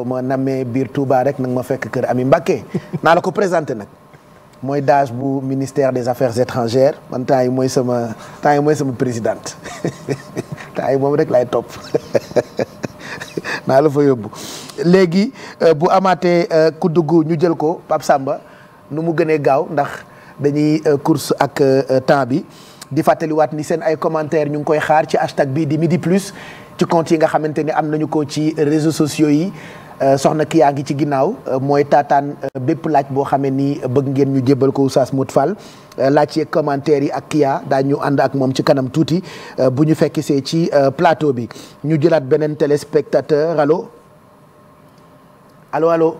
boo ma namee biir Touba rek nang ma fekk kër Ami Mbacké naa la ko présenté nag mooy daage bu ministère des affaires étrangères man temps yi mooy sama temps yi mooy sama présidente temps yi moom rek lay topp naa la fa yóbbu léegi euh, bu amaatee euh, ku dugg ñu jël ko Pape Samba nu mu gënee gaaw ndax dañuy euh, course ak temps bi di fàttaliwaat ni seen ay commentaires ñu ngi koy xaar ci hashtag bi di midi plus ci compte yi nga xamante ni am nañu ko ci réseaux sociaux yi Euh, soxna ki yaa ngi ci ginnaaw euh, mooy taataan euh, bépp laaj boo xamee ni bëgg ngeen ñu jébbal ko Oustaz Modou Fall laaj yeeg commentaire yi ak Kia daañu ànd ak moom ci kanam tuuti bu ñu fekk see ci plateau bi ñu jëlaat beneen téléspectateur allo allo allo.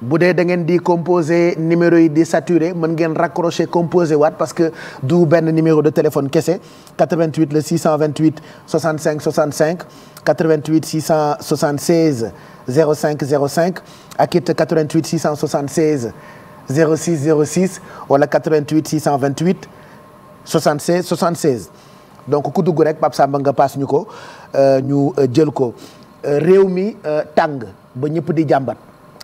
bu dee da ngeen di composé numéro yi di saturé mën ngeen raccroché composé waat parce que du benn numéro de téléphone kese 88 le 628 65 65 88 cinq 05 05 ak it 88 676 06 06 wala 88 628 76 76 donc ku dugg rek Pape Samba nga paas ñu ko euh, ñu euh, jël ko euh, réew mi tàng ba ñëpp di jàmbat.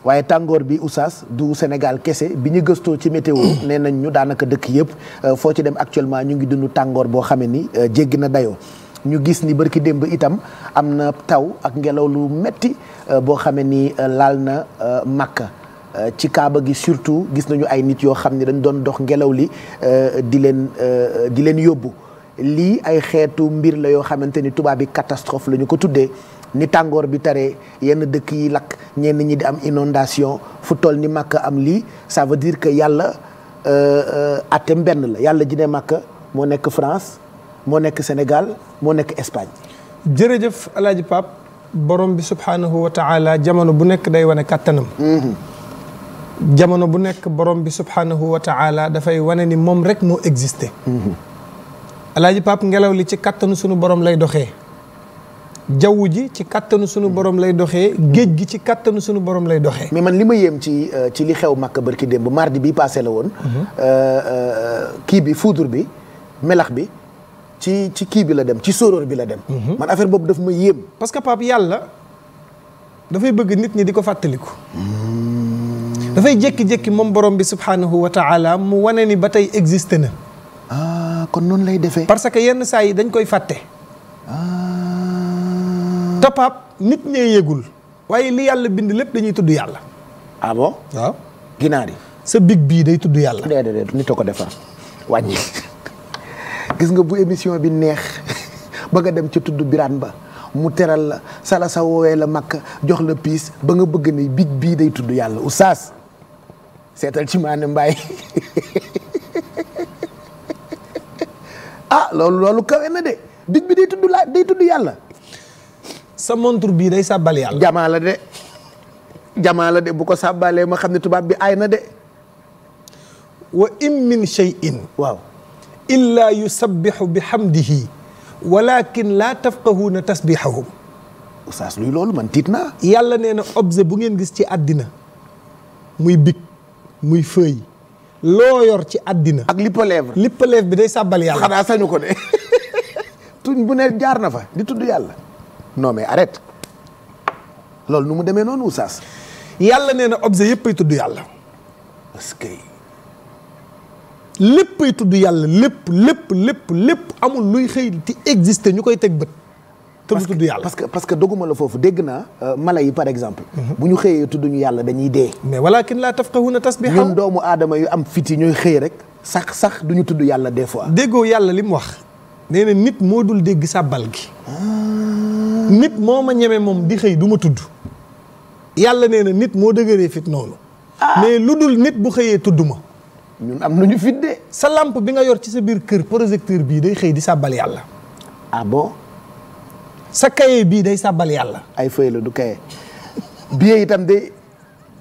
waaye tàngoor bi oustaz du Sénégal kese bi ñu gëstoo ci météo nee nañ ñu daanaka dëkk yëpp euh, foo ci dem actuellement ñu ngi dund tàngoor boo xamee ni euh, jéggi na dayoo ñu gis ni bërki démb itam am na taw ak ngelaw lu metti euh, boo xamee ni laal na Makka ci kaaba gi surtout gis nañu ay nit yoo xam ne dañ doon dox ngelaw li di leen di leen yóbbu lii ay xeetu mbir la yoo xamante ni tubaab bi catastrophe la ñu ko tuddee ni tàngoor bi taree yenn dëkk yi lakk ñenn ñi di am inondation fu toll ni màkk am lii ça veut que yàlla euh, euh, atem benn la yàlla ji ne màkk moo nekk France moo nekk Sénégal moo nekk Espagne. jërëjëf El Hadj borom bi subhaanahu wa taala jamono bu nekk day wane kàttanam. Mhm. jamono bu nekk borom bi subhaanahu wa taala dafay wane ni moom rek moo existé. El mhm. Hadj Pape ngelaw li ci kàttanu sunu borom lay doxee. jaww ji ci kattanu sunu borom lay doxee géej gi ci kattanu sunu borom lay doxee. mais man li ma yéem ci euh, ci li xew Makka barki démb mardi bi passé la woon. Mhm. Euh, euh, kii bi foudre bi melax bi ci ci kii bi la dem ci sóoróor bi la dem. Mhm. man affaire boobu daf ma yéem. parce que Pape yàlla dafay bëgg nit ñi di ko fàttaliku. Hmm. dafay jékki-jékki moom borom bi subhanahu wa taala mu wane ni ba tey existé na. ah kon noonu lay defee. parce que yenn saa yi dañ koy fàtte. Ah. te nit ñee yëgul waaye li yàlla bind lépp dañuy tudd yàlla. ah bon ginaar yi. sa big bii day tudd yàlla. déedéet nit a ko defar wàññi gis nga bu émission bi neex ba nga dem ca tudd Birane Ba mu teral la sala sa woowee la makk jox la piis ba nga bëgg ne big bii day tudd yàlla u saas seetal ci maanaam mbaay ah loolu loolu kawe na de big bi day tudd la day tudd yàlla. sa montre bii day sàbbal yàlla. jamala la de bu ko sàbbalee ma xam ne tubaab bi ay na de. wa in min shay'in. waaw. illaa yusabbihu bi hamdihi walakin laa tafqahuuna tasbihahum oustaz luy loolu man tiit naa. yàlla nee na objet bu ngeen gis ci àddina muy big muy feuille loo yor ci àddina. ak lipp lèvre lipp lèvre bi day sàbbal yàlla. xanaa sañu ko de tuñ bu ne jaar na fa di tudd yàlla. non mais arrête loolu nu mu demee noonu Oustaz yàlla nee na objet yëpp ay tudd yàlla parce que lépp ay tudd yàlla lépp lépp lépp lépp amul luy xëy ti exister ñu koy teg bët. te du tudd yàlla parce que parce que doguma la foofu dégg naa euh, mala yi par exemple. Mhm. bu ñu xëyee tudd ñu yàlla dañuy dee. mais walakin laa tafqahuna tasbiha ñun doomu aadama yu am fit yi ñooy xëy rek sax sax du ñu tudd yàlla des fois. déggoo yàlla li mu wax nee nit moo dul dégg sàbbal gi. Ah. nit moo ma ñeme moom di xëy duma tudd yàlla nee na nit moo dëgëree fit noonu ah. mais lu dul nit bu xëyee tudd ma ñun am nañu fit de sa làmp bi nga yor ci sa biir kër projecteur bii day xëy di sàbbal yàlla ah bon sa kaye bii day sàbbal yàlla ay feuille la du kaye billet itam de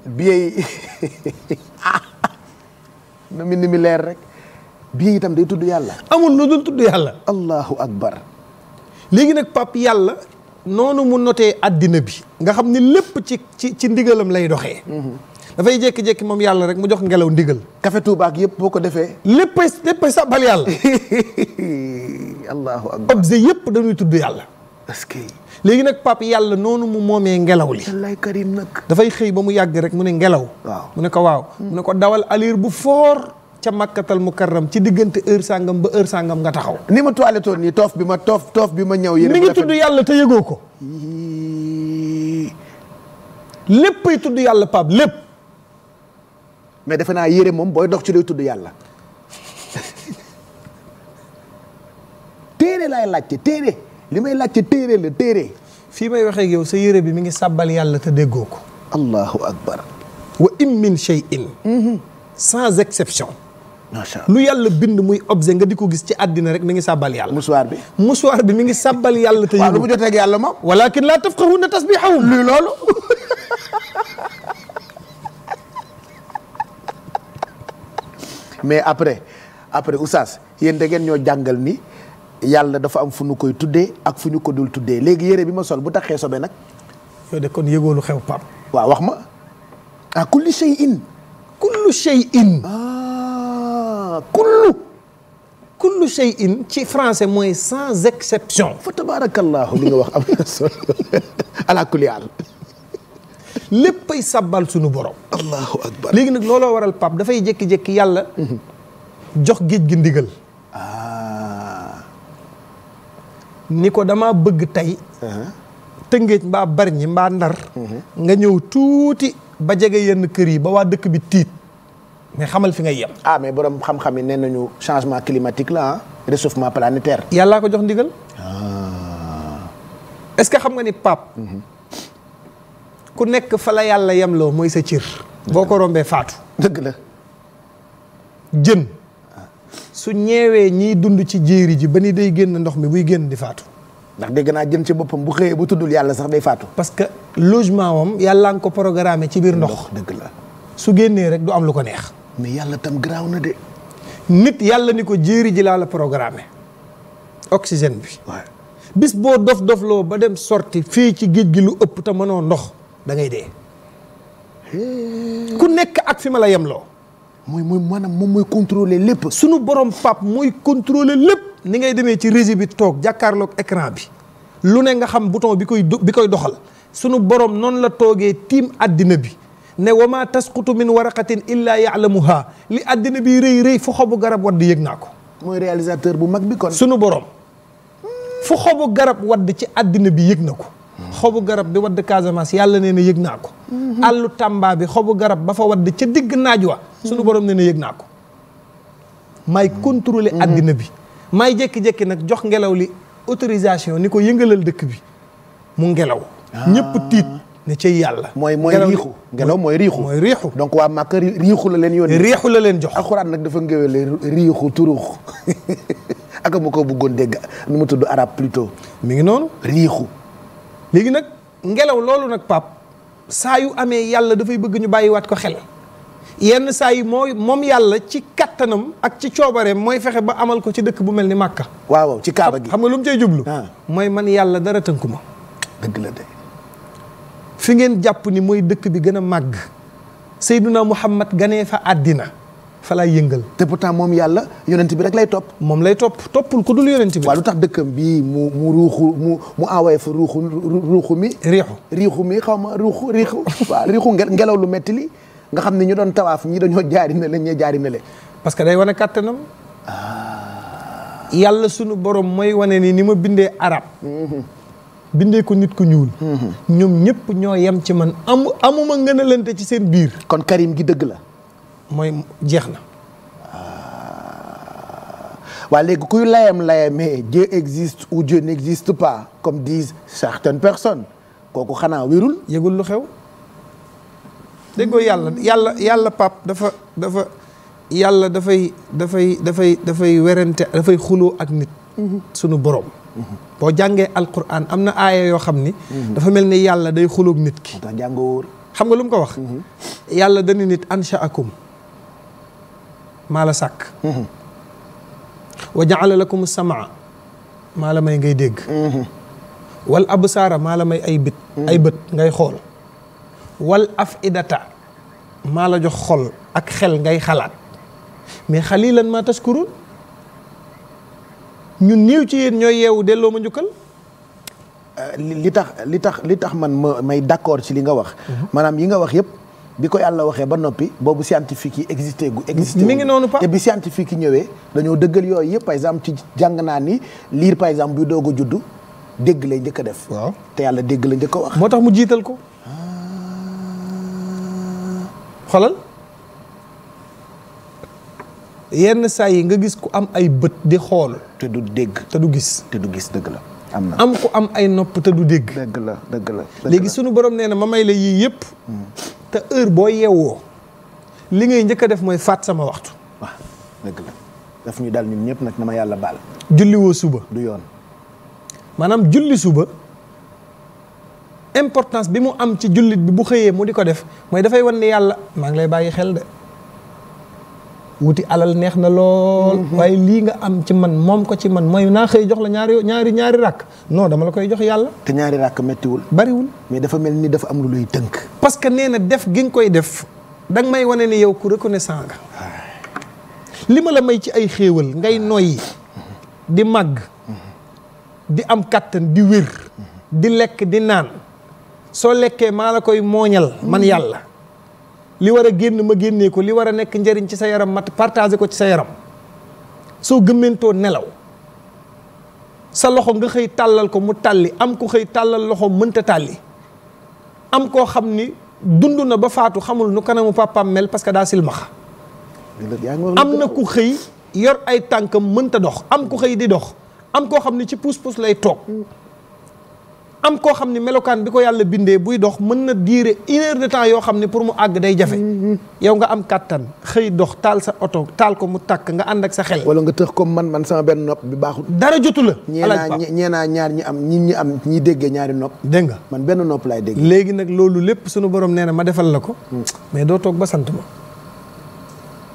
billet yi na mi ni mi leer rek billet itam day tudd yàlla amul lu dul tudd yàlla allahu akbar léegi nag pap yàlla noonu mu notee àddina bi nga xam ne lépp ci ci ci ndigalam lay doxee mhm. dafay jékki-jékki moom yàlla rek mu jox ngelaw ndigal café Touba ak yëpp boo ko defee lépp léppay sàbbal yàlla allahu akbar objet yëpp dañuy tudd yàlla parce que léegi nag pap yàlla noonu mu moomee ngelaw li wallaay karim nag dafay xëy ba mu yàgg rek mu ne ngelaw mu ne waaw mu ne ko dawal alir bu foor ca makkatal mukarram ci diggante heure sàngam ba heure sàngam nga taxaw. ni ma toiletoon nii toof bi ma toof toof bi ma ñëw. yéen mi ngi tudd yàlla te yëgoo ko. léppay tudd yàlla Pape lépp. mais defe naa yére moom booy dox ci lay tudd yàlla. téere laay laajte téere li may laajte téere la téere. fii may waxee yow sa yére bi mi ngi sàbbal yàlla te déggoo ko. allahu akbar. wa in min shay'in. Mhm. sans exception. lu yàlla bind muy objet nga di ko gis ci àddina rek ni ngi sàbbal yàlla musuwaar bi musuwaar bi mi ngi sàbbal yàlla te lu mu jotee ak yàlla moom walakin laa tafqahuna tasbihahum luy loolu mais après après oustaz yéen da ngeen ñoo jàngal ni yàlla dafa am fu ñu koy tuddee ak fu ñu ko dul tuddee léegi yére bi ma sol bu taxee sobe nag yow de kon yëgoolu xew pam waaw wax ma ah kullu shay'in kullu shay'in ah. kullu kullu shay'in ci français mooy sans exception fa tabarakallahu li nga wax am na solo ala kulli haal léppay sabbal sunu borom allahu léegi nag looloo waral pap dafay jékki-jékki yàlla mhm. jox géej gi ndigal ah. ni ko dama bëgg tey uh-huh. tëngéej mbaa bari ñi mbaa ndar mhm. nga ñëw tuuti ba jege yenn kër yi ba waa dëkk bi tiit mais xamal fi ngay yem. amee ah, mais borom xam-xam yi nee nañu changement climatique la ah réchauffement planétaire. yàllaa ko jox ndigal. Ah. est-ce que xam nga ni Pape. Mhm. ku nekk fa la yàlla yemloo mooy sa cër. boo ko rombee faatu. dëgg la. jën. su ñeewee ñiy dund ci jéeri ji ba ni day génn ndox mi buy génn di faatu. ndax dégg naa jën ci boppam bu xëyee bu tuddul yàlla sax day faatu. parce que logement moom yàllaa nga ko programmé ci biir ndox. dëgg la su génnee rek du am lu ko neex. mais yàlla tam garaaw na de. nit yàlla ni ko jéeri ji laa la programme oxygène bi. bis boo dof dofloo ba dem sorti fii ci géej gi lu ëpp te mënoo ndox da ngay dee. ku nekk ak fi ma la yemloo. muy muy maanaam moom muy contrôler lépp. suñu borom pap mooy contrôler lépp. ni ngay demee ci régie bi toog jàkkaarloog ecran bi. lu ne nga xam bouton bi koy bi koy doxal. sunu borom noonu la toogee tiim àddina bi. ne wa maa tasqutu min waraqatin illaa yaalamuha li àddina bi rëy rëy fu xobu garab wadd yëg naa ko mooy réalisateur bu mag bi kon sunu borom fu xobu garab wadd ci àddina bi yëg na ko xobu garab di wadd Casamance yàlla nee na yëg naa ko àllu Tamba bi xobu garab ba fa wadd ca digg naaj wa sunu borom nee na yëg naa ko maay contrôler àddina bi maay jékki-jékki nag jox ngelaw li autorisation ni ko yëngalal dëkk bi mu ngelaw ñëpp tiit ne ca yàlla. mooy mooy riixu ngelaw mooy riixu. mooy riixu donc waa Màkka riixu la leen yónnee. riixu la leen jox alxuraan nag dafa ngéwéle riixu turux ak ma ko bëggoon dégg nu mu tudd arab plutôt. mi ngi noonu riixu. léegi nag ngelaw loolu nag pap saa yu amee yàlla dafay bëgg ñu bàyyi waat ko xel. yenn saa yi mooy moom yàlla ci kattanam ak ci coobareem mooy fexe ba amal ko ci dëkk bu mel ni Màkka. waaw ci Kaaba gi xam nga lu mu cay jublu. Ah. mooy man yàlla dara tënku ma. fi ngeen jàpp ni mooy dëkk bi gën a màgg Seyduna Muhammad ganee fa àddina fa lay yëngal. te tam moom yàlla yonent bi rek lay topp. moom lay topp toppul ku dul yonent bi. waaw lu tax dëkkam bii mu mu ruuxu mu mu envoyé fa ruuxu mi. riixu riixu mi xaw ma ruuxu riixu. ngelaw lu metti li nga xam ne ñu doon tawaaf ñi dañoo jaari ne leen ñee jaari ne leen. parce que day wane kàttanam. Ah. yàlla sunu borom mooy wane nii ni ma bindee arab. Mm-hmm. bindee ko nit ku ñuul. Mm-hmm. ñoom ñëpp ñoo yem ci man am amuma ngën a ci seen biir. kon Karim gi dëgg la. mooy jeex na. Ah. waa léegi kuy layam layamee Dieu existe ou Dieu n'existe pas comme disent certaines personne kooku xanaa wérul. yëgul lu xew. déggoo yàlla yàlla yàlla pap dafa dafa yàlla dafay dafay dafay dafay werante dafay xuloo ak nit. Mm-hmm. sunu borom. boo jàngee alquran am na aaya yoo xam ni. Mhm. dafa mel ni yàlla day xulóob nit ki. ndax jàngoo xam nga lu mu ko wax. Mhm. yàlla dana nit ansha akum maa la sàkk. Mhm. wa jaala lakum samaa maa la may ngay dégg. wal absaara maa la may ay bët ay bët ngay xool. wal afidata maa la jox xol ak xel ngay xalaat mais xalilan maa tashkuruun ñu néew ci yéen ñooy yeewu delloo ma njukkal. Euh, li tax li tax li tax man ma may d'accord ci li nga wax. Mhm. maanaam yi nga wax yëpp. bi ko yàlla waxee ba noppi boobu scientifique yi existé gu existé ni ngi noonu pa te bi scientifique yi ñëwee dañoo dëggal yooyu yëpp par exemple ci jàng naa ni liir par exemple bi doog a juddu dégg lay njëkk a def. waaw te yàlla dégg la njëkk a wax. moo tax mu jiital ko. Ah. xolal yenn saa yi nga gis ku am ay bët di xool. te du dégg te du gis. te du gis dëgg la am na. am ku am ay nopp te du dégg. dëgg la dëgg la léegi sunu borom nee na ma may la yii yëpp. Hmm. te heure boo yeewoo li ngay njëkk def mooy faat sama waxtu. waaw ah, ñu daal ñun ñëpp nag na ma yàlla baal. julliwoo suba du yoon. maanaam julli suba importance bi mu am ci jullit bi bu xëyee mu di ko def mooy dafay wan ni yàlla maa ngi lay bàyyi xel de. wuti alal neex na lool. Mhm. waaye lii nga am ci man moom ko ci man mooy naa xëy jox la ñaari ñaari ñaari rakk non dama la koy jox yàlla. te ñaari rakk méttiwul. bariwul mais dafa mel ni dafa am lu lay tënk. parce que nee na def gi nga koy def danga may wane ni yow ku reconnaissant nga. li ma la may ci ay xéewal ngay noyyi di màgg mhm. di am kàttan di wér mhm. di lekk di naan soo lekkee maa la koy mooñal man yàlla. li war a génn ma génnee ko li war a nekk njariñ ci sa yaram mat partagé ko ci sa yaram soo gëmmentoo nelaw sa loxo nga xëy tàllal ko mu tàlli am ku xëy tàllal loxo mënta tàlli am koo xam ni dund na ba faatu xamul nu kanamu papaam mel parce que daa silmaxa am na ku xëy yor ay tànkam mënta dox am ku xëy di dox am koo xam ni ci puus-puus lay toog am koo xam ne melokaan bi ko yàlla bindee buy dox mën na diire une de temps yoo xam ne pour mu àgg day jafe yow nga am kàttan xëy dox taal sa oto taal ko mu takk nga ànd ak sa xel wala nga tëx comme man man sama benn nopp bi baaxul dara jotu la ñeenaa ñeenaa ñaar ñi am ñi ñi am ñi déggee ñaari nopp dégg nga man benn nopp laay dégg léegi nag loolu lépp sunu borom nee na ma defal la ko hmm. mais doo toog ba sant ma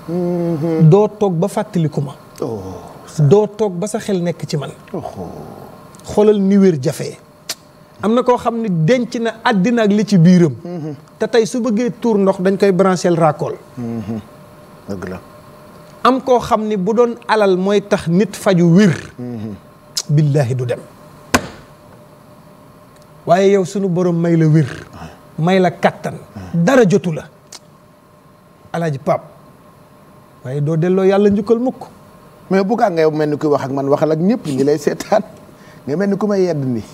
hmm. doo toog ba fàttaliku ma oh, doo toog ba sa xel nekk ci man oh. xoolal ni wér jafe am na koo xam ne denc na àddina ak li ci biiram. te tey su bëggee tuur ndox dañ koy brancher raakool. dëgg la. am koo xam ni bu doon alal mooy tax nit faju wir. billaahi du dem. waaye yow sunu borom may la wir. may la kàttan dara jotu la. alaaji Pape waaye doo delloo yàlla njukkal mukk mais bu gaa nga mel ni kuy wax ak man waxal ak ñëpp ñi lay seetaan nga mel ni ku may yedd nii.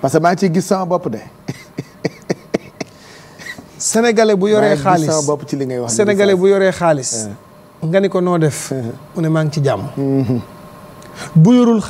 parce que maa ngi ciy gis sama bopp de. sénégalais bu yoree xaalis bopp ci li ngay wax sénégalais bu yoree xaalis. Eh. nga ni ko noo def. Eh. mu ne maa ngi ci jàmm. Mm-hmm. bu yorul